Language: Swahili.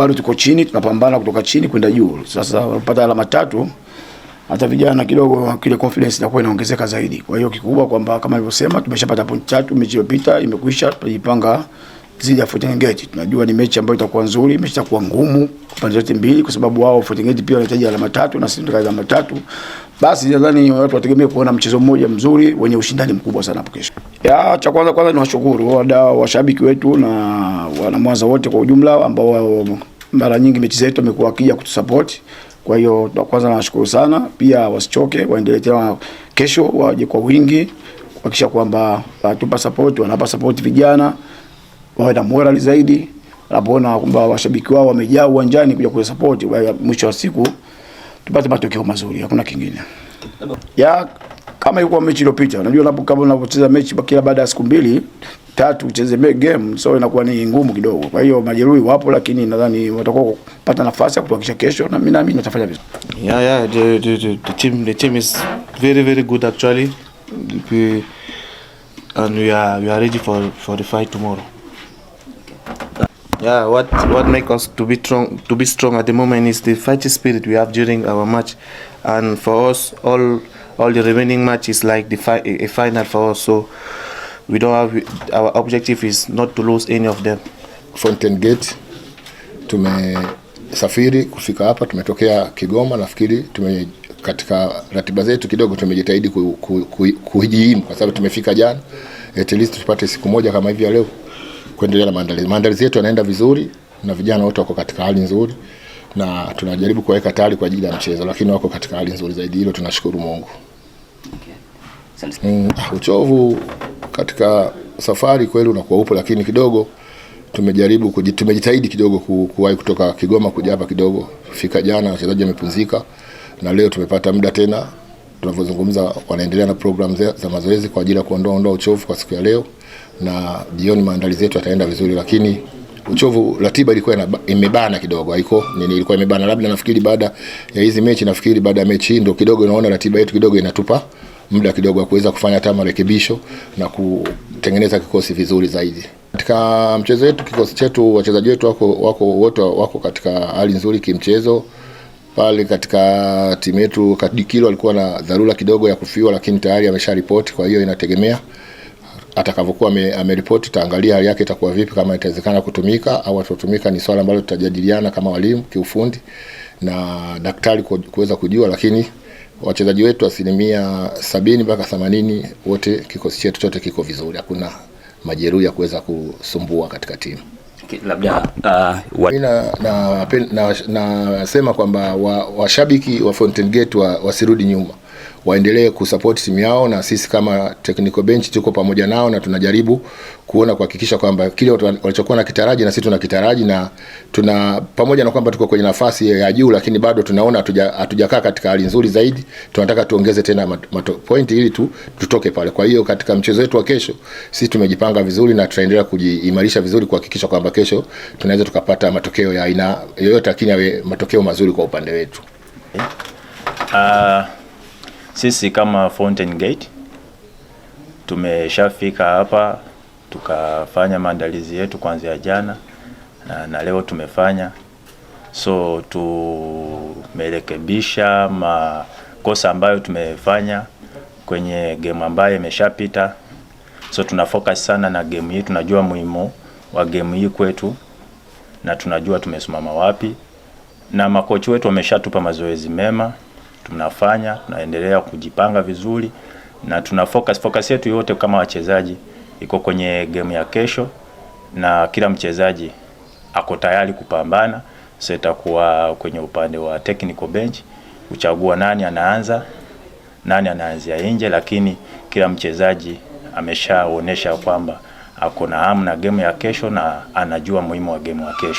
bado tuko chini, tunapambana kutoka chini kwenda juu. Sasa unapata alama tatu, hata vijana kidogo kile confidence inakuwa inaongezeka zaidi. Kwa hiyo kikubwa kwamba kama nilivyosema, tumeshapata point tatu, mechi iliyopita imekwisha, tunajipanga zidi ya Fountain tunajua ni mechi ambayo itakuwa nzuri, mechi itakuwa ngumu pande zote mbili, kwa sababu wao Fountain pia wanahitaji alama tatu na sisi tunataka alama tatu. Basi nadhani watu wategemee kuona mchezo mmoja mzuri wenye ushindani mkubwa sana hapo kesho. Ya cha kwanza kwanza ni washukuru wadau, washabiki wetu na wana wote kwa ujumla ambao mara nyingi mechi zetu amekuwa akija kutusupport. Kwa hiyo kwanza nawashukuru sana, pia wasichoke, waendelee tena kesho, waje kwa wingi kuhakikisha kwamba watupa support, wanapa support vijana wawe na morali zaidi, wanapoona kwamba washabiki wao wamejaa uwanjani kuja kuja support, mwisho wa siku tupate matokeo mazuri, hakuna kingine ya kama ilikuwa mechi iliyopita. Unajua, unapocheza mechi kila baada ya siku mbili tatu ucheze game, so inakuwa ni ngumu kidogo. Kwa hiyo majeruhi wapo, lakini nadhani watakuwa kupata nafasi ya kutuhakisha kesho, na mimi naamini watafanya vizuri. Yeah, yeah, the, the, the, the team the team is very very good actually. We, and we are we are ready for for the fight tomorrow. Yeah, what what make us to be strong to be strong at the moment is the fighting spirit we have during our match, and for us all all the remaining match is like the fi a final for us so we don't have our objective is not to lose any of them. Fountain Gate tumesafiri kufika hapa, tumetokea Kigoma. Nafikiri tume katika ratiba zetu kidogo tumejitahidi kujiimu ku, ku, kwa sababu tumefika jana, at least tupate siku moja kama hivi leo kuendelea na maandalizi. Maandalizi yetu yanaenda vizuri na vijana wote wako katika hali nzuri, na tunajaribu kuweka tayari kwa ajili ya mchezo, lakini wako katika hali nzuri zaidi. Hilo tunashukuru Mungu. Okay. Mm, ah, uchovu katika safari kweli unakuwa upo, lakini kidogo tumejaribu tumejitahidi kidogo kuwahi kutoka Kigoma kuja hapa kidogo. Fika jana wachezaji wamepumzika, na leo tumepata muda tena, tunavyozungumza wanaendelea na program za mazoezi kwa ajili ya kuondoa ondoa uchovu kwa siku ya leo, na jioni maandalizi yetu yataenda vizuri, lakini uchovu, ratiba ilikuwa imebana kidogo, haiko nini, ilikuwa imebana. Labda nafikiri baada ya hizi mechi, nafikiri baada ya mechi hii ndio kidogo naona ratiba yetu kidogo inatupa muda kidogo wa kuweza kufanya hata marekebisho na kutengeneza kikosi vizuri zaidi. Katika mchezo wetu, kikosi chetu, wachezaji wetu wako wako wote wako katika hali nzuri kimchezo pale katika timu yetu Kadikilo alikuwa na dharura kidogo ya kufiwa, lakini tayari amesha ripoti. Kwa hiyo inategemea atakavyokuwa ameripoti, ame tutaangalia hali yake itakuwa vipi, kama itawezekana kutumika au atotumika, ni swala ambalo tutajadiliana kama walimu kiufundi na daktari kuweza kujua, lakini wachezaji wetu asilimia sabini mpaka themanini wote, kikosi chetu chote kiko vizuri, hakuna majeruhi ya kuweza kusumbua katika timu. Labda uh, na na, na, na, na kwamba washabiki wa, wa Fountain Gate wasirudi wa nyuma waendelee kusupport timu yao, na sisi kama technical bench tuko pamoja nao na tunajaribu kuona kuhakikisha kwamba kile walichokuwa na kitaraji na sisi tuna kitaraji, na tuna pamoja na kwamba tuko kwenye nafasi ya juu, lakini bado tunaona hatujakaa katika hali nzuri zaidi. Tunataka tuongeze tena mato, point ili tu tutoke pale. Kwa hiyo katika mchezo wetu wa kesho sisi tumejipanga vizuri na tutaendelea kujiimarisha vizuri kuhakikisha kwamba kesho tunaweza tukapata matokeo ya aina yoyote, lakini awe matokeo mazuri kwa upande wetu. Uh... Sisi kama Fountain Gate tumeshafika hapa tukafanya maandalizi yetu kuanzia jana na, na leo tumefanya so tumerekebisha makosa ambayo tumefanya kwenye game ambayo imeshapita, so tuna focus sana na game hii. Tunajua muhimu wa game hii kwetu na tunajua tumesimama wapi, na makochi wetu wameshatupa mazoezi mema tunafanya, tunaendelea kujipanga vizuri na tuna focus, focus yetu yote kama wachezaji iko kwenye game ya kesho, na kila mchezaji ako tayari kupambana. Sasa itakuwa kwenye upande wa technical bench kuchagua nani anaanza nani anaanzia nje, lakini kila mchezaji ameshaonyesha kwamba ako na hamu na game ya kesho na anajua muhimu wa game wa kesho.